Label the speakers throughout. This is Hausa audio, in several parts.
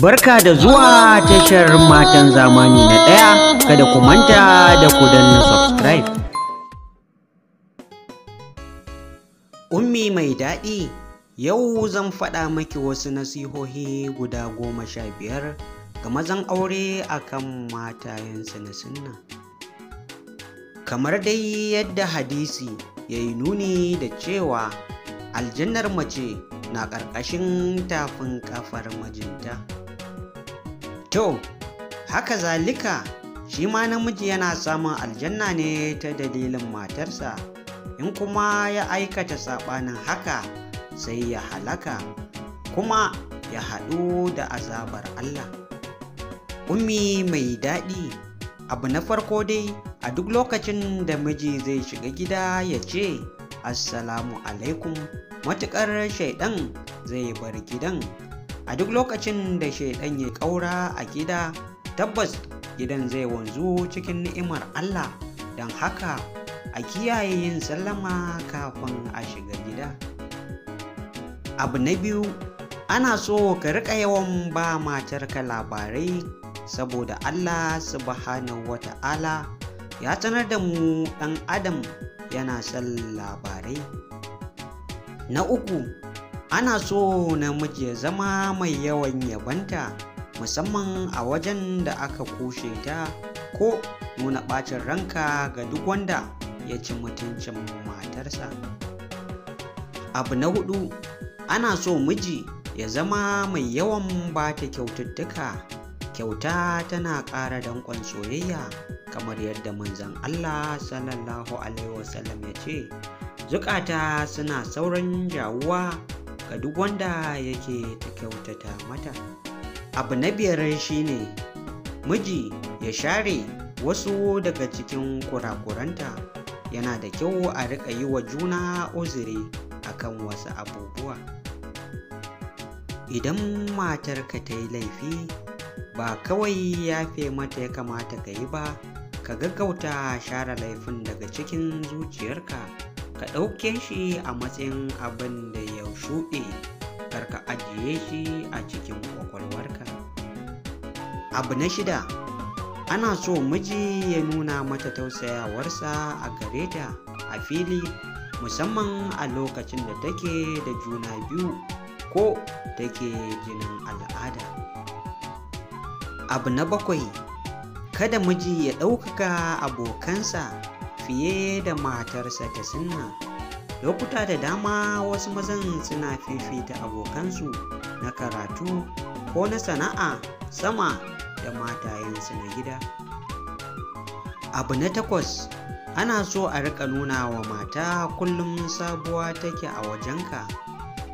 Speaker 1: Barka da zuwa tashar matan zamani na ɗaya kada ku manta da ku danna subscribe. Ummi mai daɗi yau zan faɗa maki wasu nasihohi guda goma sha biyar ga mazan aure akan matayensu na sunna. Kamar dai yadda hadisi ya yi nuni da cewa aljannar mace na ƙarƙashin tafin ƙafar majinta. to haka zalika shi ma namiji yana samun aljanna ne ta dalilin matarsa in kuma ya aikata saɓanin haka sai ya halaka kuma ya haɗu da azabar Allah ummi mai daɗi abu na farko dai a duk lokacin da miji zai shiga gida ya ce assalamu alaikum matuƙar shaidan zai bar gidan a duk lokacin da shaidan ya ƙaura a gida tabbas gidan zai wanzu cikin ni'imar allah don haka a kiyaye yin sallama kafin a shiga gida abu na biyu ana so ka riƙa yawan ba matar ka labarai saboda allah subhanahu wata'ala ya sanar da mu ɗan adam yana son labarai na uku ana so namiji ya zama mai yawan yabanta musamman a wajen da aka kushe ta ko nuna ɓacin ranka ga duk wanda ya ci mutuncin matarsa abu na hudu ana so miji ya zama mai yawan ba ta kyaututtuka kyauta tana ƙara danƙon soyayya kamar yadda manzon allah sallallahu alaihi wasallam ya ce zukata suna sauran jawuwa ga duk wanda yake ta kyautata mata abu na biyar shine miji ya share wasu daga cikin kurakuranta yana da kyau a riƙa yi wa juna uzuri akan wasu abubuwa idan matarka ta yi laifi ba kawai yafe mata ya kamata ka yi ba ka gaggauta share laifin daga cikin zuciyarka ka ɗauke shi a matsayin abin da ya shuɗe kar ka ajiye shi a cikin kwakwalwarka abu na shida ana so miji ya nuna mata tausayawarsa a gare ta a fili musamman a lokacin da take da juna biyu ko take jinin al'ada abu na bakwai kada miji ya ɗaukaka abokansa fiye da matarsa ta sinna lokuta da dama wasu mazan suna fifita abokansu na karatu ko na sana'a sama da matayensu na gida abu na takwas ana so a rika nuna wa mata kullum sabuwa take a wajenka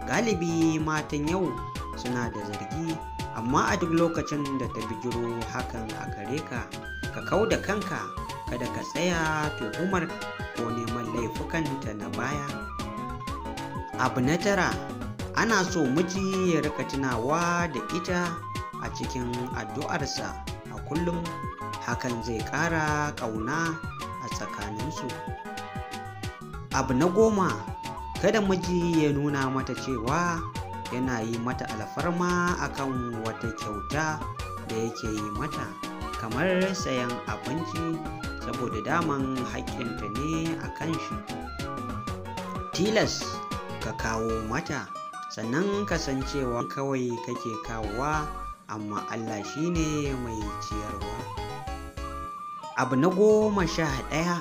Speaker 1: galibi matan yau suna da zargi amma a duk lokacin da ta bijiro hakan a gare ka ka kau da kanka kada ka tsaya tuhumar ko neman laifukanta na baya abu na tara ana so miji ya rika tunawa da ita a cikin addu'arsa a kullum hakan zai ƙara ƙauna a tsakaninsu abu na goma kada miji ya nuna mata cewa yana yi mata alfarma akan wata kyauta da yake yi mata kamar sayan abinci saboda daman haƙƙinta ne a kan shi tilas ka kawo mata sannan kasancewa kawai kake kawowa amma allah shine mai ciyarwa abu na goma sha ɗaya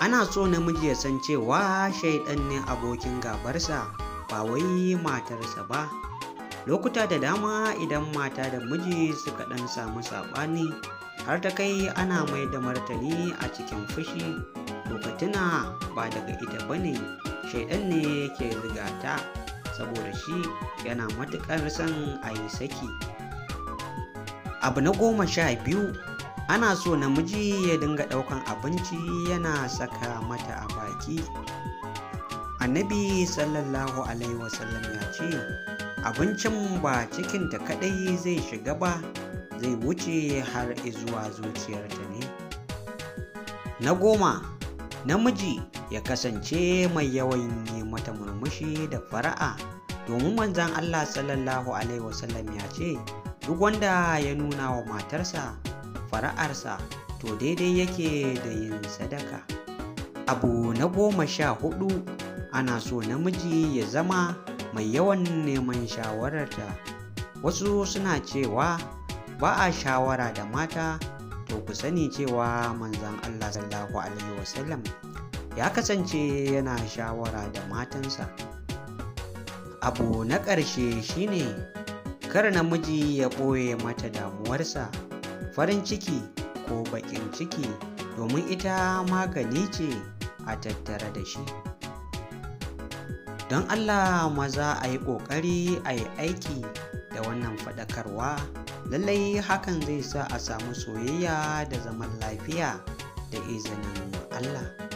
Speaker 1: ana so namiji ya san cewa shaidan ne abokin gabarsa ba wai matarsa ba lokuta da dama idan mata da miji suka ɗan samu saɓani har ta kai ana mai da martani a cikin fushi lokacina ba daga ita ba ne shaidan ne ke rigata, saboda shi yana matuƙar son a yi saki abu na goma sha biyu ana so namiji ya dinga ɗaukan abinci yana saka mata a baki annabi sallallahu alaihi wasallam ya ce abincin ba cikinta kaɗai zai shiga ba zai wuce har zuwa zuciyarta ne na goma namiji ya kasance mai yawan yi mata murmushi da fara'a domin manzan allah sallallahu alaihi wasallam ya ce duk wanda ya nuna wa matarsa fara'arsa to daidai yake da yin sadaka abu na goma sha hudu ana so namiji ya zama mai yawan neman shawararta wasu suna cewa ba a shawara da mata to ku sani cewa manzan Allah sallallahu alaihi wasallam ya kasance yana shawara da matansa abu na ƙarshe shine kar namiji ya ɓoye mata damuwarsa farin ciki ko baƙin ciki domin ita magani ce a tattara da shi don allah maza a yi ƙoƙari a yi aiki da wannan faɗakarwa lallai hakan zai sa a samu soyayya da zaman lafiya da izinin Allah.